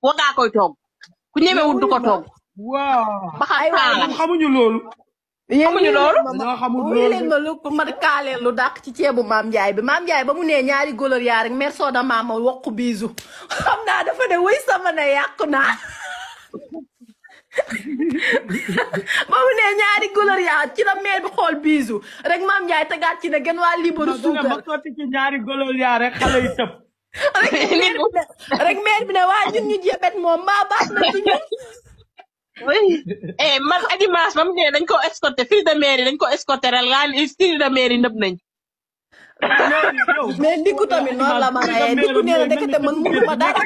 boo gaa koy togg ku ñemewul du ko togg. waaw aywa xamuñu loolu. xamuñu loolu ñoo loolu leen ma lu ma lu dàq ci ceebu maam Ndiaye bi maam Ndiaye ba mu nee ñaari góor yaa rek mer soo da maama wokk biisu xam naa dafa ne wuy sama ne yàqu naa ba mu nee ñaari góor yaa ci la meer bi xool biisu rek maam Ndiaye tegaat ci ne gën waa liibaru suukar. ñaari góor yaa rek xale tëb. rek meer bi ne waa ñun ñu jébet moom maa baax na ci ñun. oui eh, man Adi Mass ba mu nee ko escorté fils mairie dañ ko escorté rek laa mairie nëb nañ mais dikku tamit noonu la ma rayee dikku nee na ndekete man mënu ma dara.